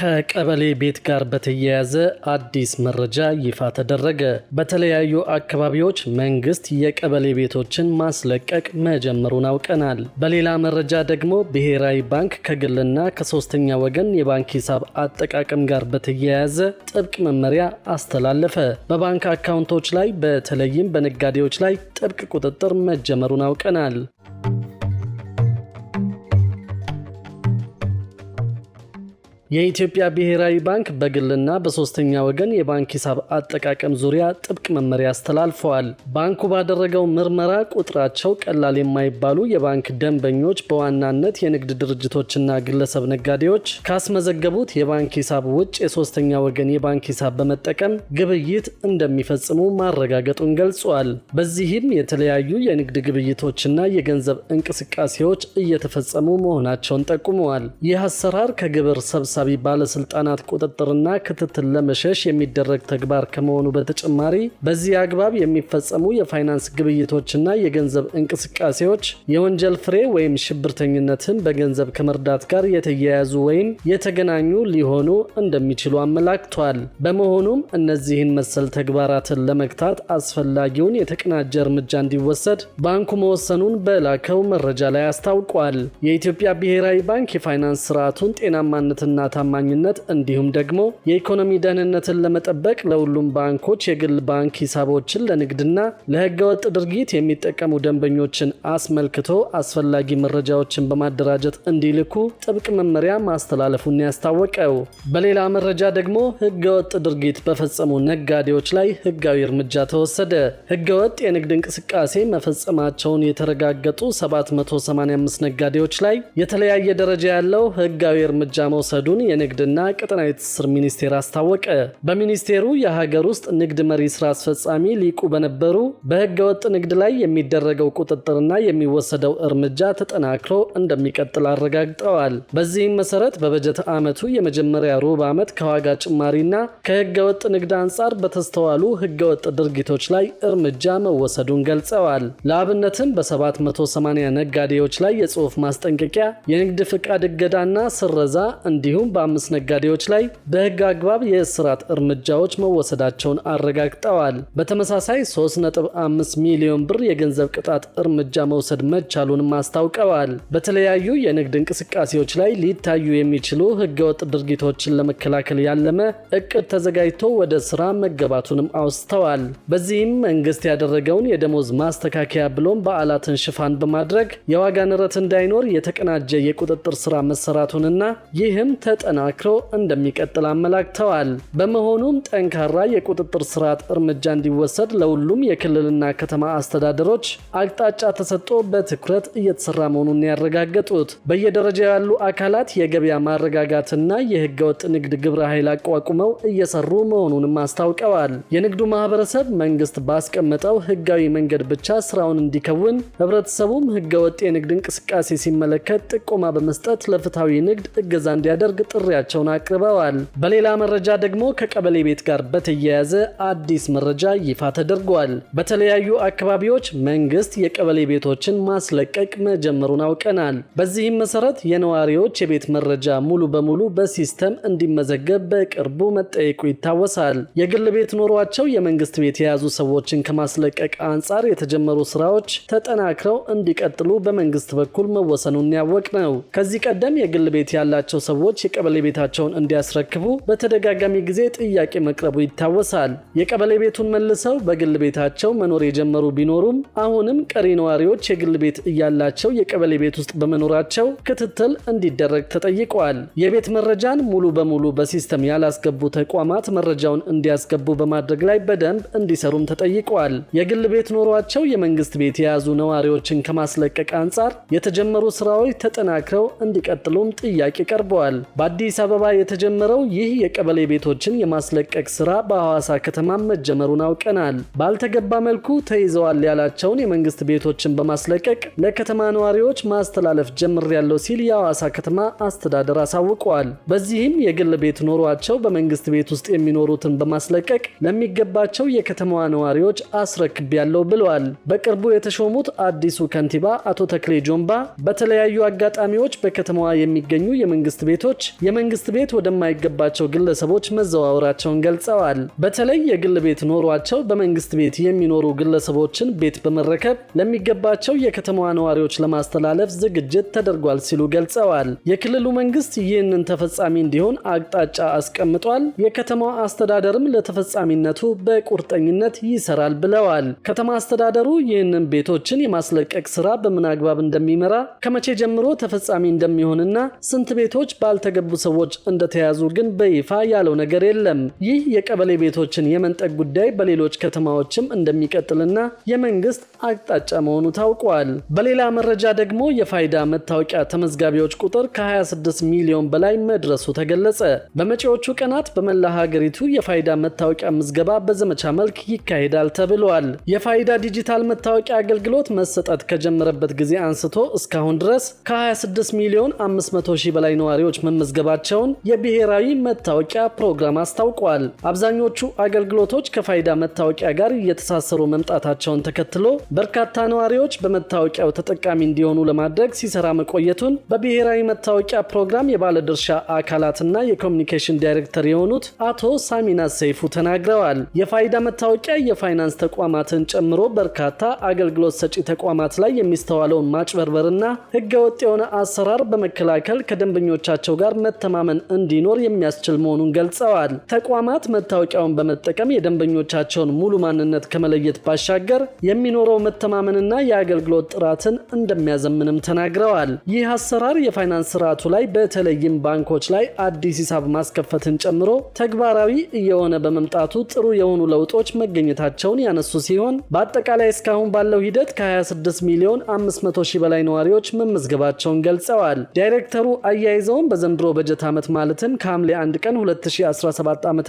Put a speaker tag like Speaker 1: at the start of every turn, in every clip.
Speaker 1: ከቀበሌ ቤት ጋር በተያያዘ አዲስ መረጃ ይፋ ተደረገ። በተለያዩ አካባቢዎች መንግስት የቀበሌ ቤቶችን ማስለቀቅ መጀመሩን አውቀናል። በሌላ መረጃ ደግሞ ብሔራዊ ባንክ ከግልና ከሶስተኛ ወገን የባንክ ሂሳብ አጠቃቀም ጋር በተያያዘ ጥብቅ መመሪያ አስተላለፈ። በባንክ አካውንቶች ላይ በተለይም በነጋዴዎች ላይ ጥብቅ ቁጥጥር መጀመሩን አውቀናል። የኢትዮጵያ ብሔራዊ ባንክ በግልና በሶስተኛ ወገን የባንክ ሂሳብ አጠቃቀም ዙሪያ ጥብቅ መመሪያ አስተላልፈዋል። ባንኩ ባደረገው ምርመራ ቁጥራቸው ቀላል የማይባሉ የባንክ ደንበኞች በዋናነት የንግድ ድርጅቶችና ግለሰብ ነጋዴዎች ካስመዘገቡት የባንክ ሂሳብ ውጭ የሶስተኛ ወገን የባንክ ሂሳብ በመጠቀም ግብይት እንደሚፈጽሙ ማረጋገጡን ገልጿል። በዚህም የተለያዩ የንግድ ግብይቶችና የገንዘብ እንቅስቃሴዎች እየተፈጸሙ መሆናቸውን ጠቁመዋል። ይህ አሰራር ከግብር ሰብሳ በአሳቢ ባለስልጣናት ቁጥጥርና ክትትል ለመሸሽ የሚደረግ ተግባር ከመሆኑ በተጨማሪ በዚህ አግባብ የሚፈጸሙ የፋይናንስ ግብይቶችና የገንዘብ እንቅስቃሴዎች የወንጀል ፍሬ ወይም ሽብርተኝነትን በገንዘብ ከመርዳት ጋር የተያያዙ ወይም የተገናኙ ሊሆኑ እንደሚችሉ አመላክቷል። በመሆኑም እነዚህን መሰል ተግባራትን ለመግታት አስፈላጊውን የተቀናጀ እርምጃ እንዲወሰድ ባንኩ መወሰኑን በላከው መረጃ ላይ አስታውቋል። የኢትዮጵያ ብሔራዊ ባንክ የፋይናንስ ስርዓቱን ጤናማነትና ታማኝነት እንዲሁም ደግሞ የኢኮኖሚ ደህንነትን ለመጠበቅ ለሁሉም ባንኮች የግል ባንክ ሂሳቦችን ለንግድና ለህገወጥ ድርጊት የሚጠቀሙ ደንበኞችን አስመልክቶ አስፈላጊ መረጃዎችን በማደራጀት እንዲልኩ ጥብቅ መመሪያ ማስተላለፉን ያስታወቀው። በሌላ መረጃ ደግሞ ህገወጥ ድርጊት በፈጸሙ ነጋዴዎች ላይ ህጋዊ እርምጃ ተወሰደ። ህገወጥ የንግድ እንቅስቃሴ መፈጸማቸውን የተረጋገጡ 785 ነጋዴዎች ላይ የተለያየ ደረጃ ያለው ህጋዊ እርምጃ መውሰዱን መሆኑን የንግድና ቀጠናዊ ትስስር ሚኒስቴር አስታወቀ። በሚኒስቴሩ የሀገር ውስጥ ንግድ መሪ ስራ አስፈጻሚ ሊቁ በነበሩ በህገወጥ ንግድ ላይ የሚደረገው ቁጥጥርና የሚወሰደው እርምጃ ተጠናክሮ እንደሚቀጥል አረጋግጠዋል። በዚህም መሰረት በበጀት ዓመቱ የመጀመሪያ ሩብ ዓመት ከዋጋ ጭማሪና ከህገወጥ ንግድ አንጻር በተስተዋሉ ህገወጥ ድርጊቶች ላይ እርምጃ መወሰዱን ገልጸዋል። ለአብነትም በ780 ነጋዴዎች ላይ የጽሑፍ ማስጠንቀቂያ፣ የንግድ ፍቃድ እገዳና ስረዛ እንዲሁም እንዲሁም በአምስት ነጋዴዎች ላይ በህግ አግባብ የእስራት እርምጃዎች መወሰዳቸውን አረጋግጠዋል። በተመሳሳይ 3.5 ሚሊዮን ብር የገንዘብ ቅጣት እርምጃ መውሰድ መቻሉንም አስታውቀዋል። በተለያዩ የንግድ እንቅስቃሴዎች ላይ ሊታዩ የሚችሉ ህገወጥ ድርጊቶችን ለመከላከል ያለመ እቅድ ተዘጋጅቶ ወደ ስራ መገባቱንም አውስተዋል። በዚህም መንግስት ያደረገውን የደሞዝ ማስተካከያ ብሎም በዓላትን ሽፋን በማድረግ የዋጋ ንረት እንዳይኖር የተቀናጀ የቁጥጥር ስራ መሰራቱንና ይህም ተጠናክሮ እንደሚቀጥል አመላክተዋል። በመሆኑም ጠንካራ የቁጥጥር ስርዓት እርምጃ እንዲወሰድ ለሁሉም የክልልና ከተማ አስተዳደሮች አቅጣጫ ተሰጥቶ በትኩረት እየተሰራ መሆኑን ያረጋገጡት በየደረጃ ያሉ አካላት የገበያ ማረጋጋትና የህገወጥ ንግድ ግብረ ኃይል አቋቁመው እየሰሩ መሆኑንም አስታውቀዋል። የንግዱ ማህበረሰብ መንግስት ባስቀመጠው ህጋዊ መንገድ ብቻ ስራውን እንዲከውን፣ ህብረተሰቡም ህገወጥ የንግድ እንቅስቃሴ ሲመለከት ጥቆማ በመስጠት ለፍትሐዊ ንግድ እገዛ እንዲያደርግ ጥሪያቸውን አቅርበዋል። በሌላ መረጃ ደግሞ ከቀበሌ ቤት ጋር በተያያዘ አዲስ መረጃ ይፋ ተደርጓል። በተለያዩ አካባቢዎች መንግስት የቀበሌ ቤቶችን ማስለቀቅ መጀመሩን አውቀናል። በዚህም መሰረት የነዋሪዎች የቤት መረጃ ሙሉ በሙሉ በሲስተም እንዲመዘገብ በቅርቡ መጠየቁ ይታወሳል። የግል ቤት ኖሯቸው የመንግስት ቤት የያዙ ሰዎችን ከማስለቀቅ አንጻር የተጀመሩ ስራዎች ተጠናክረው እንዲቀጥሉ በመንግስት በኩል መወሰኑን ያወቅ ነው። ከዚህ ቀደም የግል ቤት ያላቸው ሰዎች የቀበሌ ቤታቸውን እንዲያስረክቡ በተደጋጋሚ ጊዜ ጥያቄ መቅረቡ ይታወሳል። የቀበሌ ቤቱን መልሰው በግል ቤታቸው መኖር የጀመሩ ቢኖሩም አሁንም ቀሪ ነዋሪዎች የግል ቤት እያላቸው የቀበሌ ቤት ውስጥ በመኖራቸው ክትትል እንዲደረግ ተጠይቋል። የቤት መረጃን ሙሉ በሙሉ በሲስተም ያላስገቡ ተቋማት መረጃውን እንዲያስገቡ በማድረግ ላይ በደንብ እንዲሰሩም ተጠይቋል። የግል ቤት ኖሯቸው የመንግስት ቤት የያዙ ነዋሪዎችን ከማስለቀቅ አንጻር የተጀመሩ ስራዎች ተጠናክረው እንዲቀጥሉም ጥያቄ ቀርበዋል። በአዲስ አበባ የተጀመረው ይህ የቀበሌ ቤቶችን የማስለቀቅ ስራ በሐዋሳ ከተማ መጀመሩን አውቀናል። ባልተገባ መልኩ ተይዘዋል ያላቸውን የመንግስት ቤቶችን በማስለቀቅ ለከተማ ነዋሪዎች ማስተላለፍ ጀምር ያለው ሲል የሐዋሳ ከተማ አስተዳደር አሳውቋል። በዚህም የግል ቤት ኖሯቸው በመንግስት ቤት ውስጥ የሚኖሩትን በማስለቀቅ ለሚገባቸው የከተማዋ ነዋሪዎች ያለው ብለዋል። በቅርቡ የተሾሙት አዲሱ ከንቲባ አቶ ተክሌ ጆምባ በተለያዩ አጋጣሚዎች በከተማዋ የሚገኙ የመንግስት ቤቶች የመንግስት ቤት ወደማይገባቸው ግለሰቦች መዘዋወራቸውን ገልጸዋል። በተለይ የግል ቤት ኖሯቸው በመንግስት ቤት የሚኖሩ ግለሰቦችን ቤት በመረከብ ለሚገባቸው የከተማዋ ነዋሪዎች ለማስተላለፍ ዝግጅት ተደርጓል ሲሉ ገልጸዋል። የክልሉ መንግስት ይህንን ተፈጻሚ እንዲሆን አቅጣጫ አስቀምጧል። የከተማዋ አስተዳደርም ለተፈጻሚነቱ በቁርጠኝነት ይሰራል ብለዋል። ከተማ አስተዳደሩ ይህንን ቤቶችን የማስለቀቅ ስራ በምን አግባብ እንደሚመራ ከመቼ ጀምሮ ተፈጻሚ እንደሚሆንና ስንት ቤቶች ባልተገ ያገቡ ሰዎች እንደተያዙ ግን በይፋ ያለው ነገር የለም። ይህ የቀበሌ ቤቶችን የመንጠቅ ጉዳይ በሌሎች ከተማዎችም እንደሚቀጥልና የመንግስት አቅጣጫ መሆኑ ታውቋል። በሌላ መረጃ ደግሞ የፋይዳ መታወቂያ ተመዝጋቢዎች ቁጥር ከ26 ሚሊዮን በላይ መድረሱ ተገለጸ። በመጪዎቹ ቀናት በመላ ሀገሪቱ የፋይዳ መታወቂያ ምዝገባ በዘመቻ መልክ ይካሄዳል ተብሏል። የፋይዳ ዲጂታል መታወቂያ አገልግሎት መሰጠት ከጀመረበት ጊዜ አንስቶ እስካሁን ድረስ ከ26 ሚሊዮን 500 ሺህ በላይ ነዋሪዎች መመዝገ መመዝገባቸውን የብሔራዊ መታወቂያ ፕሮግራም አስታውቋል። አብዛኞቹ አገልግሎቶች ከፋይዳ መታወቂያ ጋር እየተሳሰሩ መምጣታቸውን ተከትሎ በርካታ ነዋሪዎች በመታወቂያው ተጠቃሚ እንዲሆኑ ለማድረግ ሲሰራ መቆየቱን በብሔራዊ መታወቂያ ፕሮግራም የባለድርሻ አካላትና የኮሚኒኬሽን ዳይሬክተር የሆኑት አቶ ሳሚና ሰይፉ ተናግረዋል። የፋይዳ መታወቂያ የፋይናንስ ተቋማትን ጨምሮ በርካታ አገልግሎት ሰጪ ተቋማት ላይ የሚስተዋለውን ማጭበርበርና ሕገወጥ የሆነ አሰራር በመከላከል ከደንበኞቻቸው ጋር መተማመን እንዲኖር የሚያስችል መሆኑን ገልጸዋል። ተቋማት መታወቂያውን በመጠቀም የደንበኞቻቸውን ሙሉ ማንነት ከመለየት ባሻገር የሚኖረው መተማመንና የአገልግሎት ጥራትን እንደሚያዘምንም ተናግረዋል። ይህ አሰራር የፋይናንስ ስርዓቱ ላይ በተለይም ባንኮች ላይ አዲስ ሂሳብ ማስከፈትን ጨምሮ ተግባራዊ እየሆነ በመምጣቱ ጥሩ የሆኑ ለውጦች መገኘታቸውን ያነሱ ሲሆን በአጠቃላይ እስካሁን ባለው ሂደት ከ26 ሚሊዮን 500 ሺህ በላይ ነዋሪዎች መመዝገባቸውን ገልጸዋል። ዳይሬክተሩ አያይዘውን በዘንድሮ በዘንድሮ በጀት ዓመት ማለትም ከሐምሌ 1 ቀን 2017 ዓ ም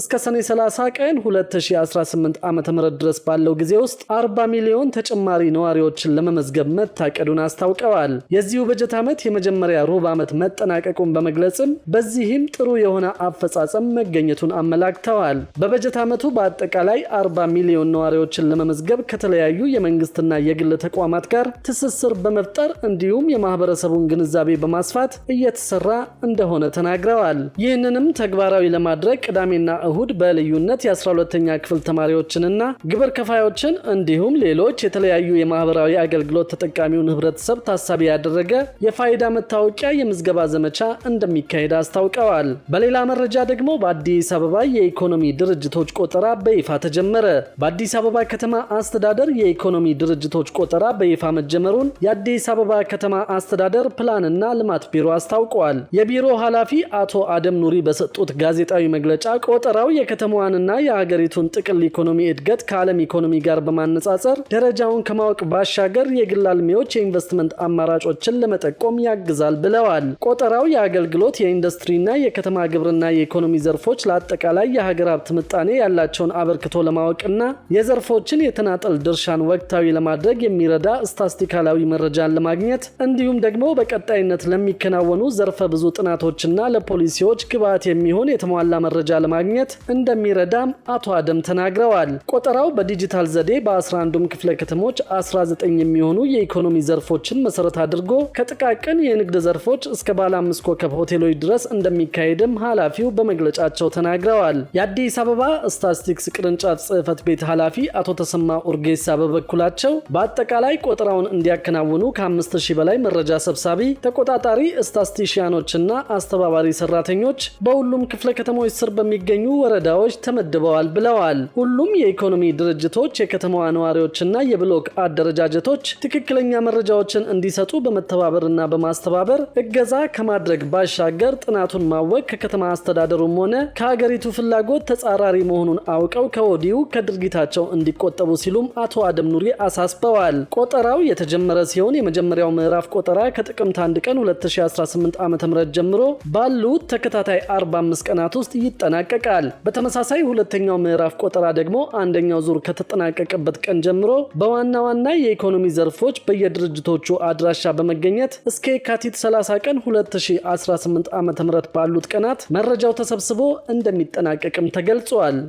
Speaker 1: እስከ ሰኔ 30 ቀን 2018 ዓ ም ድረስ ባለው ጊዜ ውስጥ 40 ሚሊዮን ተጨማሪ ነዋሪዎችን ለመመዝገብ መታቀዱን አስታውቀዋል። የዚሁ በጀት ዓመት የመጀመሪያ ሩብ ዓመት መጠናቀቁን በመግለጽም በዚህም ጥሩ የሆነ አፈጻጸም መገኘቱን አመላክተዋል። በበጀት ዓመቱ በአጠቃላይ 40 ሚሊዮን ነዋሪዎችን ለመመዝገብ ከተለያዩ የመንግስትና የግል ተቋማት ጋር ትስስር በመፍጠር እንዲሁም የማህበረሰቡን ግንዛቤ በማስፋት እየተሰራ እንደሆነ ተናግረዋል። ይህንንም ተግባራዊ ለማድረግ ቅዳሜና እሁድ በልዩነት የ12ኛ ክፍል ተማሪዎችንና ግብር ከፋዮችን እንዲሁም ሌሎች የተለያዩ የማህበራዊ አገልግሎት ተጠቃሚውን ህብረተሰብ ታሳቢ ያደረገ የፋይዳ መታወቂያ የምዝገባ ዘመቻ እንደሚካሄድ አስታውቀዋል። በሌላ መረጃ ደግሞ በአዲስ አበባ የኢኮኖሚ ድርጅቶች ቆጠራ በይፋ ተጀመረ። በአዲስ አበባ ከተማ አስተዳደር የኢኮኖሚ ድርጅቶች ቆጠራ በይፋ መጀመሩን የአዲስ አበባ ከተማ አስተዳደር ፕላንና ልማት ቢሮ አስታውቋል። የቢሮ ኃላፊ አቶ አደም ኑሪ በሰጡት ጋዜጣዊ መግለጫ ቆጠራው የከተማዋንና የሀገሪቱን ጥቅል ኢኮኖሚ እድገት ከዓለም ኢኮኖሚ ጋር በማነጻጸር ደረጃውን ከማወቅ ባሻገር የግል አልሚዎች የኢንቨስትመንት አማራጮችን ለመጠቆም ያግዛል ብለዋል። ቆጠራው የአገልግሎት፣ የኢንዱስትሪና የከተማ ግብርና የኢኮኖሚ ዘርፎች ለአጠቃላይ የሀገር ሀብት ምጣኔ ያላቸውን አበርክቶ ለማወቅና የዘርፎችን የተናጠል ድርሻን ወቅታዊ ለማድረግ የሚረዳ ስታስቲካላዊ መረጃን ለማግኘት እንዲሁም ደግሞ በቀጣይነት ለሚከናወኑ ዘርፈ ብዙ ጥናቶችና ለፖሊሲዎች ግብዓት የሚሆን የተሟላ መረጃ ለማግኘት እንደሚረዳም አቶ አደም ተናግረዋል። ቆጠራው በዲጂታል ዘዴ በ11ዱም ክፍለ ከተሞች 19 የሚሆኑ የኢኮኖሚ ዘርፎችን መሰረት አድርጎ ከጥቃቅን የንግድ ዘርፎች እስከ ባለ አምስት ኮከብ ሆቴሎች ድረስ እንደሚካሄድም ኃላፊው በመግለጫቸው ተናግረዋል። የአዲስ አበባ ስታትስቲክስ ቅርንጫፍ ጽህፈት ቤት ኃላፊ አቶ ተሰማ ኡርጌሳ በበኩላቸው በአጠቃላይ ቆጠራውን እንዲያከናውኑ ከ5000 በላይ መረጃ ሰብሳቢ ተቆጣጣሪ ስታስቲሽያኖችና እና አስተባባሪ ሰራተኞች በሁሉም ክፍለ ከተሞች ስር በሚገኙ ወረዳዎች ተመድበዋል ብለዋል። ሁሉም የኢኮኖሚ ድርጅቶች የከተማዋ ነዋሪዎችና የብሎክ አደረጃጀቶች ትክክለኛ መረጃዎችን እንዲሰጡ በመተባበርና በማስተባበር እገዛ ከማድረግ ባሻገር ጥናቱን ማወቅ ከከተማ አስተዳደሩም ሆነ ከሀገሪቱ ፍላጎት ተጻራሪ መሆኑን አውቀው ከወዲሁ ከድርጊታቸው እንዲቆጠቡ ሲሉም አቶ አደም ኑሪ አሳስበዋል። ቆጠራው የተጀመረ ሲሆን የመጀመሪያው ምዕራፍ ቆጠራ ከጥቅምት 1 ቀን 2018 ዓ.ም ጀምሮ ባሉት ተከታታይ 45 ቀናት ውስጥ ይጠናቀቃል። በተመሳሳይ ሁለተኛው ምዕራፍ ቆጠራ ደግሞ አንደኛው ዙር ከተጠናቀቀበት ቀን ጀምሮ በዋና ዋና የኢኮኖሚ ዘርፎች በየድርጅቶቹ አድራሻ በመገኘት እስከ የካቲት 30 ቀን 2018 ዓ.ም ባሉት ቀናት መረጃው ተሰብስቦ እንደሚጠናቀቅም ተገልጿል።